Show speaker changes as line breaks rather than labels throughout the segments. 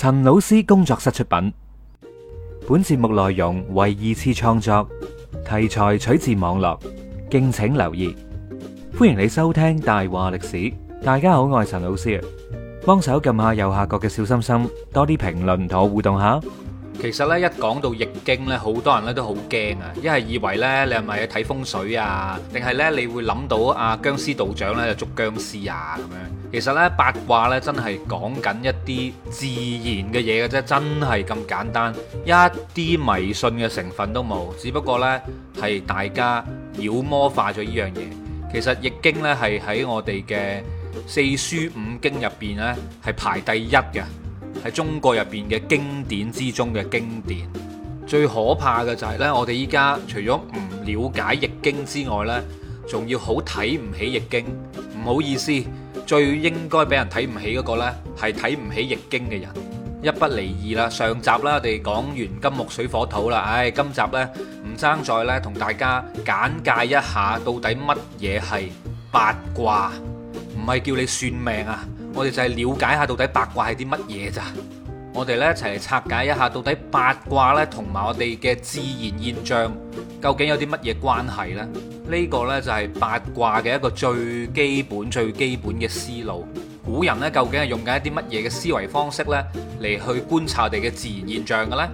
陳老師工作室出品，本節目內容為二次創作，題材取自網絡，敬請留意。歡迎你收聽《大話歷史》，大家好，我係陳老師啊，幫手撳下右下角嘅小心心，多啲評論同我互動下。其實咧，一講到易經咧，好多人咧都好驚啊，一係以為咧你係咪睇風水啊，定係咧你會諗到啊僵屍道長咧就捉僵屍啊咁樣。其實咧，八卦咧真係講緊一啲自然嘅嘢嘅啫，真係咁簡單，一啲迷信嘅成分都冇。只不過咧，係大家妖魔化咗呢樣嘢。其實《易經》咧係喺我哋嘅四書五經入邊咧係排第一嘅，喺中國入邊嘅經典之中嘅經典。最可怕嘅就係咧，我哋依家除咗唔了解《易經》之外咧，仲要好睇唔起《易經》，唔好意思。最應該俾人睇唔起嗰個呢，係睇唔起易經嘅人。一不離二啦，上集啦，我哋講完金木水火土啦，唉、哎，今集呢，唔生再唔爭在呢，同大家簡介一下，到底乜嘢係八卦？唔係叫你算命啊，我哋就係了解下到底八卦係啲乜嘢咋。我哋呢，一齊嚟拆解一下，到底八卦呢，同埋我哋嘅自然現象究竟有啲乜嘢關係呢？呢個呢，就係八卦嘅一個最基本、最基本嘅思路。古人呢，究竟係用緊一啲乜嘢嘅思維方式呢嚟去觀察我哋嘅自然現象嘅呢？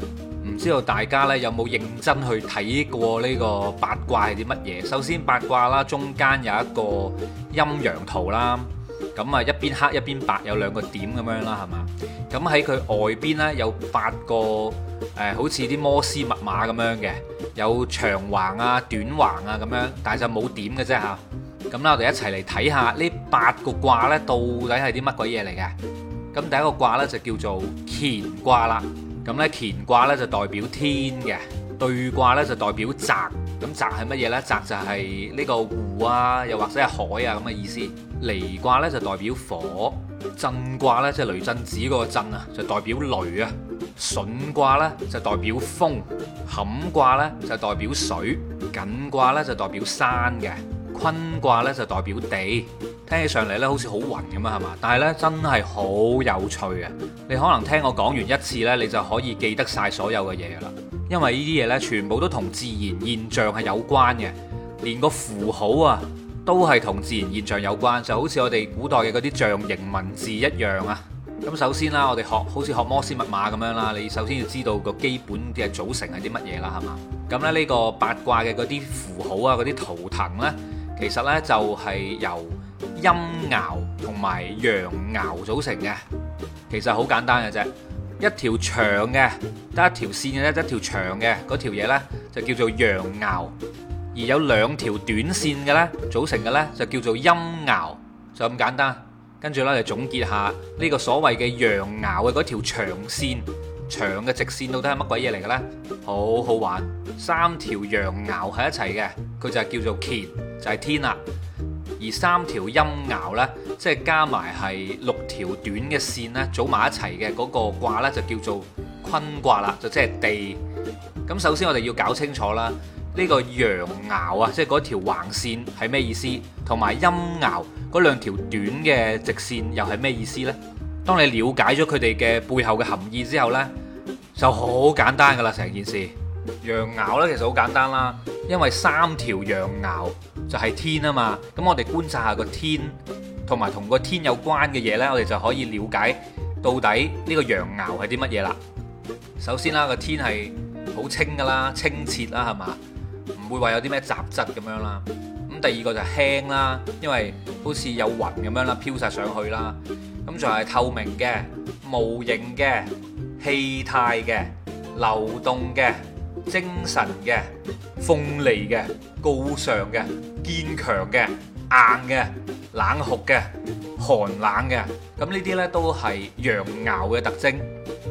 唔知道大家呢，有冇認真去睇過呢個八卦係啲乜嘢？首先八卦啦，中間有一個陰陽圖啦。咁啊，一邊黑一邊白，有兩個點咁樣啦，係嘛？咁喺佢外邊呢，有八個誒、呃，好似啲摩斯密碼咁樣嘅，有長橫啊、短橫啊咁樣，但係就冇點嘅啫吓。咁、啊、啦，我哋一齊嚟睇下呢八個卦呢，到底係啲乜鬼嘢嚟嘅？咁第一個卦呢，就叫做乾卦啦。咁呢乾卦呢，就代表天嘅，兌卦呢，就代表澤。咁澤係乜嘢呢？澤就係呢個湖啊，又或者係海啊咁嘅意思。離卦咧就代表火，震卦咧即係雷震子個震啊，就代表雷啊；巽卦咧就代表風，坎卦咧就代表水，艮卦咧就代表山嘅，坤卦咧就代表地。聽起上嚟咧好似好暈咁啊，係嘛？但係咧真係好有趣啊！你可能聽我講完一次咧，你就可以記得晒所有嘅嘢啦。因為呢啲嘢咧全部都同自然現象係有關嘅，連個符號啊。都係同自然現象有關，就好似我哋古代嘅嗰啲象形文字一樣啊！咁首先啦，我哋學好似學摩斯密碼咁樣啦，你首先要知道個基本嘅組成係啲乜嘢啦，係嘛？咁咧呢個八卦嘅嗰啲符號啊，嗰啲圖騰呢，其實呢就係由陰爻同埋陽爻組成嘅，其實好簡單嘅啫，一條長嘅得一條線嘅得一條長嘅嗰條嘢呢，就叫做陽爻。而有兩條短線嘅呢，組成嘅呢，就叫做陰爻，就咁簡單。跟住呢，就總結下呢個所謂嘅陽爻嘅嗰條長線、長嘅直線到底係乜鬼嘢嚟嘅呢？好，好好玩，三條陽爻喺一齊嘅，佢就叫做乾，就係天啦。而三條陰爻呢，即係加埋係六條短嘅線呢，組埋一齊嘅嗰個卦呢，就叫做坤卦啦，就即係地。咁首先我哋要搞清楚啦。呢個陽爻啊，即係嗰條橫線係咩意思？同埋陰爻嗰兩條短嘅直線又係咩意思呢？當你了解咗佢哋嘅背後嘅含義之後呢，就好簡單噶啦，成件事。陽爻呢，其實好簡單啦，因為三條陽爻就係天啊嘛。咁我哋觀察下個天，同埋同個天有關嘅嘢呢，我哋就可以了解到底呢個陽爻係啲乜嘢啦。首先啦，個天係好清噶啦，清澈啦，係嘛？唔會話有啲咩雜質咁樣啦，咁第二個就輕啦，因為好似有雲咁樣啦，飄晒上去啦，咁仲係透明嘅、無形嘅、氣態嘅、流動嘅、精神嘅、鋒利嘅、高尚嘅、堅強嘅、硬嘅、冷酷嘅、寒冷嘅，咁呢啲呢都係陽爻嘅特徵。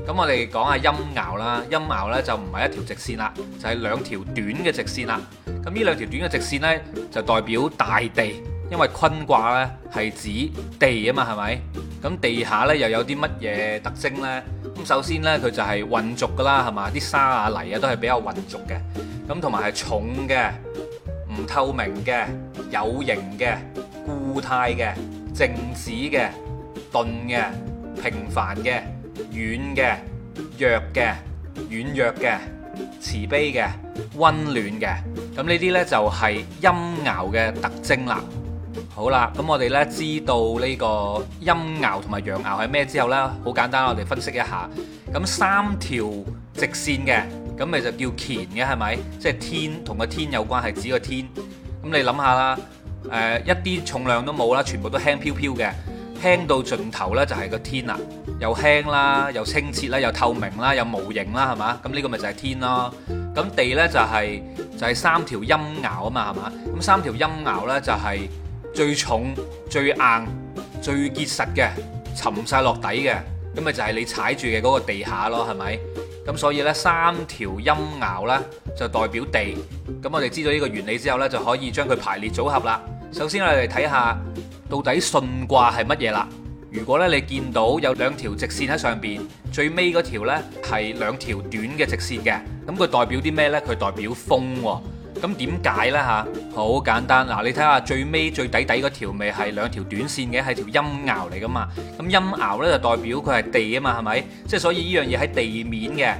咁我哋講下陰爻啦，陰爻呢就唔係一條直綫啦，就係兩條短嘅直綫啦。咁呢兩條短嘅直綫呢，就代表大地，因為坤卦呢係指地啊嘛，係咪？咁地下呢又有啲乜嘢特徵呢？咁首先呢，佢就係渾濁噶啦，係嘛？啲沙啊泥啊都係比較渾濁嘅。咁同埋係重嘅、唔透明嘅、有形嘅、固態嘅、靜止嘅、鈍嘅、平凡嘅。軟嘅、弱嘅、軟弱嘅、慈悲嘅、溫暖嘅，咁呢啲呢就係陰爻嘅特徵啦。好啦，咁我哋呢知道呢個陰爻同埋陽爻係咩之後呢，好簡單，我哋分析一下。咁三條直線嘅，咁咪就叫乾嘅，係咪？即係天同個天有關，係指個天。咁你諗下啦，誒、呃，一啲重量都冇啦，全部都輕飄飄嘅。輕到盡頭呢，就係個天啊！又輕啦，又清澈啦，又透明啦，又無形啦，係嘛？咁呢個咪就係天咯。咁地呢，就係、是、就係、是、三條陰爻啊嘛，係嘛？咁三條陰爻呢，就係最重、最硬、最結實嘅，沉晒落底嘅。咁咪就係你踩住嘅嗰個地下咯，係咪？咁所以呢，三條陰爻呢，就代表地。咁我哋知道呢個原理之後呢，就可以將佢排列組合啦。首先我哋嚟睇下。到底巽卦係乜嘢啦？如果咧你見到有兩條直線喺上邊，最尾嗰條呢係兩條短嘅直線嘅，咁佢代表啲咩呢？佢代表風喎。咁點解呢？吓？好簡單，嗱，你睇下最尾最底底嗰條咪係兩條短線嘅，係條陰爻嚟噶嘛？咁陰爻呢就代表佢係地啊嘛，係咪？即係所以呢樣嘢喺地面嘅。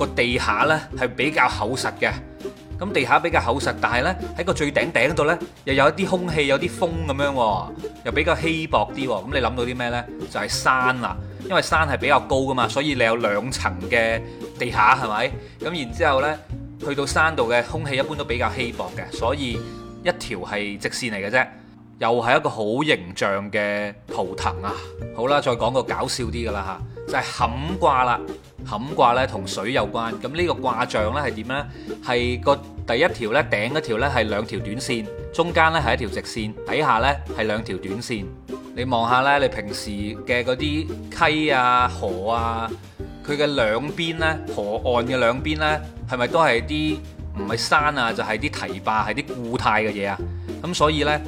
個地下咧係比較厚實嘅，咁地下比較厚實，但係咧喺個最頂頂度咧又有一啲空氣，有啲風咁樣，又比較稀薄啲。咁你諗到啲咩咧？就係山啦，因為山係比較高噶嘛，所以你有兩層嘅地下，係咪？咁然之後咧，去到山度嘅空氣一般都比較稀薄嘅，所以一條係直線嚟嘅啫，又係一個好形象嘅圖騰啊！好啦，再講個搞笑啲噶啦吓，就係坎卦啦。坎卦咧同水有關，咁呢個卦象咧係點咧？係個第一條咧頂嗰條咧係兩條短線，中間咧係一條直線，底下咧係兩條短線。你望下咧，你平時嘅嗰啲溪啊河啊，佢嘅兩邊咧河岸嘅兩邊咧係咪都係啲唔係山啊，就係、是、啲堤壩係啲固態嘅嘢啊？咁所以呢，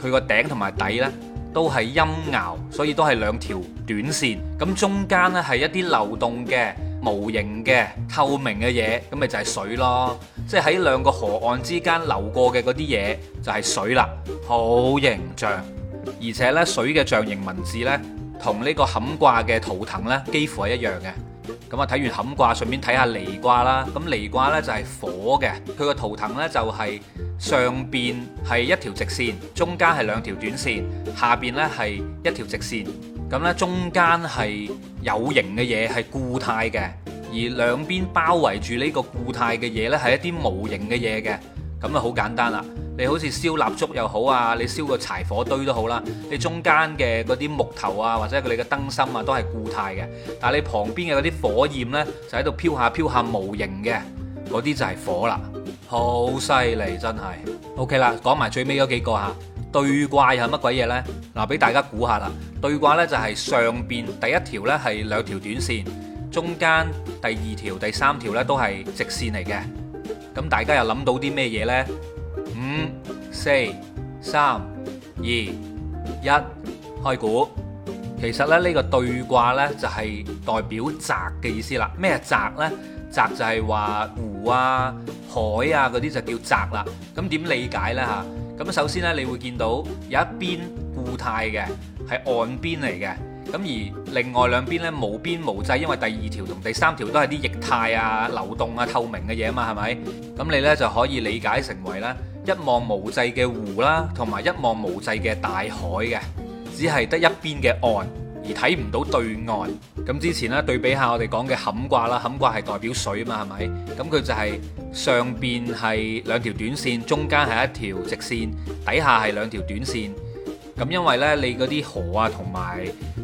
佢個頂同埋底呢。都係陰爻，所以都係兩條短線。咁中間呢係一啲流動嘅、無形嘅、透明嘅嘢，咁咪就係水咯。即係喺兩個河岸之間流過嘅嗰啲嘢，就係、是、水啦。好形象，而且呢，水嘅象形文字呢，同呢個坎卦嘅圖騰呢，幾乎係一樣嘅。咁啊，睇完坎卦，順便睇下離卦啦。咁離卦呢就係火嘅，佢個圖騰呢就係上邊係一條直線，中間係兩條短線，下邊呢係一條直線。咁呢中間係有形嘅嘢，係固態嘅，而兩邊包圍住呢個固態嘅嘢呢係一啲無形嘅嘢嘅。咁啊，好簡單啦。你好似燒蠟燭又好啊，你燒個柴火堆都好啦。你中間嘅嗰啲木頭啊，或者佢哋嘅燈芯啊，都係固態嘅。但係你旁邊嘅嗰啲火焰咧，就喺度飄下飄下，無形嘅嗰啲就係火啦，好犀利真係。OK 啦，講埋最尾嗰幾個吓，兌卦係乜鬼嘢咧？嗱，俾大家估下啦。兌卦咧就係上邊第一條咧係兩條短線，中間第二條、第三條咧都係直線嚟嘅。咁大家又諗到啲咩嘢咧？五、四、三、二、一，開估。其實咧呢、這個兌卦呢，就係、是、代表澤嘅意思啦。咩澤呢？澤就係話湖啊、海啊嗰啲就叫澤啦。咁點理解呢？吓，咁首先呢，你會見到有一邊固態嘅係岸邊嚟嘅，咁而另外兩邊呢，無邊無際，因為第二條同第三條都係啲液態啊、流動啊、透明嘅嘢嘛，係咪？咁你呢，就可以理解成為呢。一望無際嘅湖啦，同埋一望無際嘅大海嘅，只係得一邊嘅岸，而睇唔到對岸。咁之前呢，對比下我哋講嘅坎卦啦，坎卦係代表水嘛，係咪？咁佢就係上邊係兩條短線，中間係一條直線，底下係兩條短線。咁因為呢，你嗰啲河啊，同埋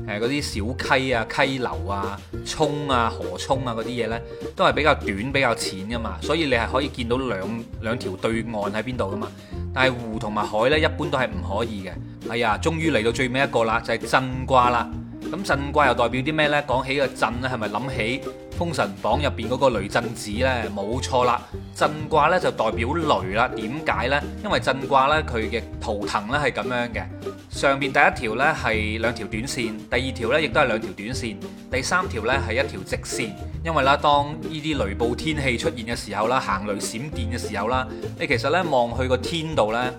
誒嗰啲小溪啊、溪流啊、湧啊、河湧啊嗰啲嘢呢，都係比較短、比較淺噶嘛，所以你係可以見到兩兩條對岸喺邊度噶嘛。但係湖同埋海呢，一般都係唔可以嘅。哎呀，終於嚟到最尾一個啦，就係、是、震卦啦。咁震卦又代表啲咩呢？講起個震咧，係咪諗起？封神榜入邊嗰個雷震子呢，冇錯啦，震卦呢就代表雷啦。點解呢？因為震卦呢，佢嘅圖騰呢係咁樣嘅，上邊第一條呢係兩條短線，第二條呢亦都係兩條短線，第三條呢係一條直線。因為啦，當呢啲雷暴天氣出現嘅時候啦，行雷閃電嘅時候啦，你其實呢，望去個天度呢。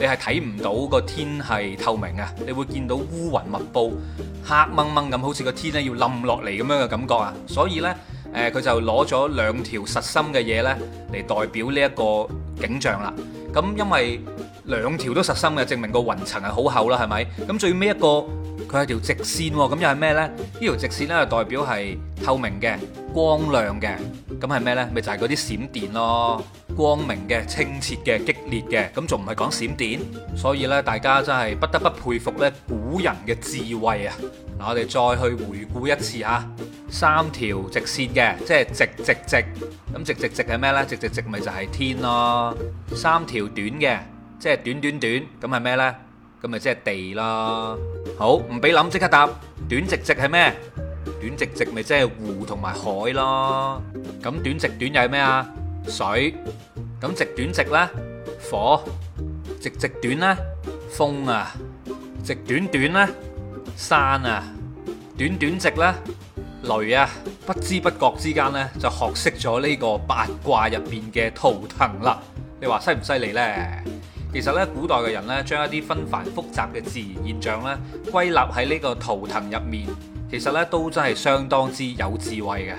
你係睇唔到個天係透明呀，你會見到烏雲密布、黑掹掹咁，好似個天咧要冧落嚟咁樣嘅感覺啊！所以呢，誒、呃、佢就攞咗兩條實心嘅嘢呢嚟代表呢一個景象啦。咁因為兩條都實心嘅，證明個雲層係好厚啦，係咪？咁最尾一個佢係條直線喎，咁又係咩呢？呢條直線呢，就代表係透明嘅、光亮嘅，咁係咩呢？咪就係嗰啲閃電咯。光明嘅、清澈嘅、激烈嘅，咁仲唔係講閃電？所以呢，大家真係不得不佩服呢古人嘅智慧啊！嗱，我哋再去回顧一次吓，三條直線嘅，即係直直直，咁直直直係咩呢？直直直咪就係天咯。三條短嘅，即係短短短，咁係咩呢？咁咪即係地咯。好，唔俾諗，即刻答，短直直係咩？短直直咪即係湖同埋海咯。咁短直短又係咩啊？水，咁直短直咧，火，直直短咧，風啊，直短短咧，山啊，短短直咧，雷啊，不知不覺之間呢，就學識咗呢個八卦入邊嘅圖騰啦。你話犀唔犀利呢？其實呢，古代嘅人呢，將一啲紛繁複雜嘅自然現象呢，歸納喺呢個圖騰入面，其實呢，都真係相當之有智慧嘅。